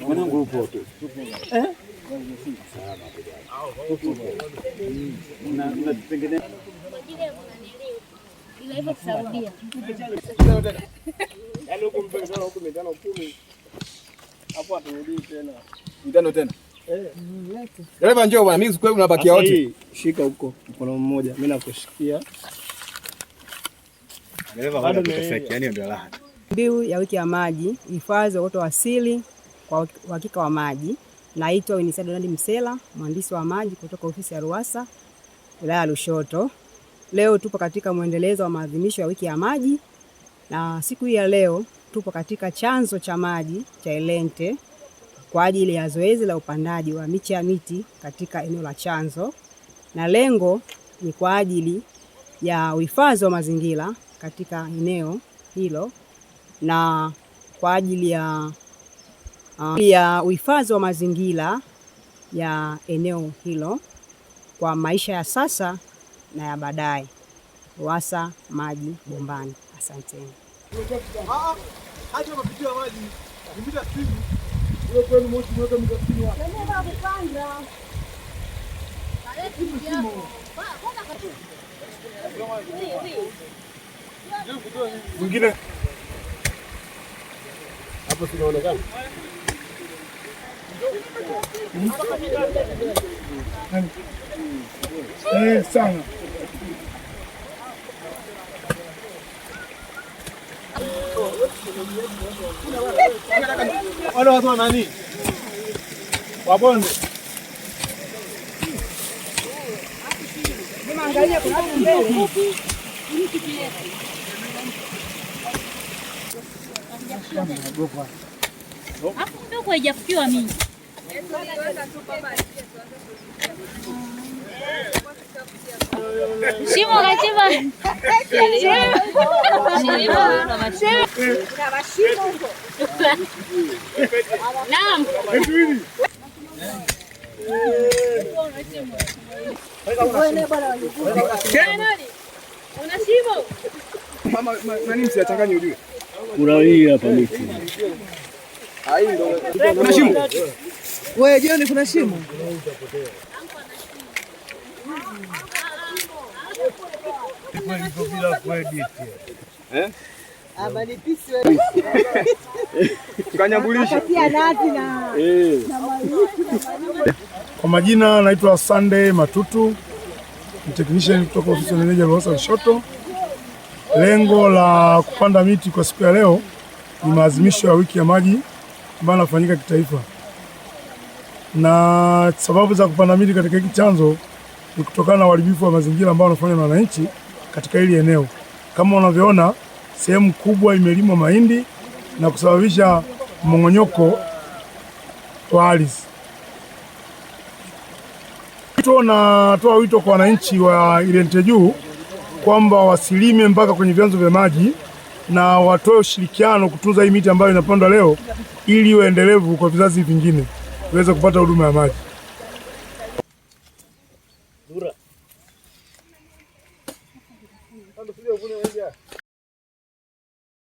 Mwanangu upo tu hapo aturudi tena. tena. Eh. Dereva njoo bwana, mimi sikweli unabakia wote. Shika huko mkono mmoja. Mimi nakushikia. Dereva bado mtasaki, yani ndio raha. Mbiu ya wiki ya maji, hifadhi ya uoto wa asili kwa uhakika wa maji. Naitwa Winisa Donald Msela, mhandisi wa maji kutoka ofisi ya Ruwasa wilaya ya Lushoto. Leo tupo katika mwendelezo wa maadhimisho ya wiki ya maji na siku hii ya leo tupo katika chanzo cha maji cha Elente kwa ajili ya zoezi la upandaji wa miche ya miti katika eneo la chanzo, na lengo ni kwa ajili ya uhifadhi wa mazingira katika eneo hilo na kwa ajili ya uh, ya uhifadhi wa mazingira ya eneo hilo kwa maisha ya sasa na ya baadaye. RUWASA maji bombani. Asanteni. Acha mapitia maji mita sitini hiyo kwenu moshi mweka mita sitini Mwingine hapo sinaonekana hmm? eh, sana Wale watu wa nani? Wabonde. Hapo ndio haijafikiwa mimi. Shimo kachimba. Naam. shimo? Kuna hii hapa miti. Kuna shimo. Wewe jioni kuna shimo. Eh? Eh. kwa majina, naitwa Sunday Matutu, technician kutoka ofisi ya meneja Lowassa Lushoto. Lengo la kupanda miti kwa siku ya leo ni maadhimisho ya wiki ya maji ambayo anafanyika kitaifa, na sababu za kupanda miti katika hiki chanzo ni kutokana na uharibifu wa mazingira ambao wanafanya na wananchi katika hili eneo. Kama unavyoona, sehemu kubwa imelimwa mahindi na kusababisha mmong'onyoko wa ardhi. Natoa wito kwa wananchi wa irente Juu kwamba wasilime mpaka kwenye vyanzo vya maji na watoe ushirikiano kutunza hii miti ambayo inapandwa leo ili iwe endelevu kwa vizazi vingine, iweze kupata huduma ya maji. ದೂರ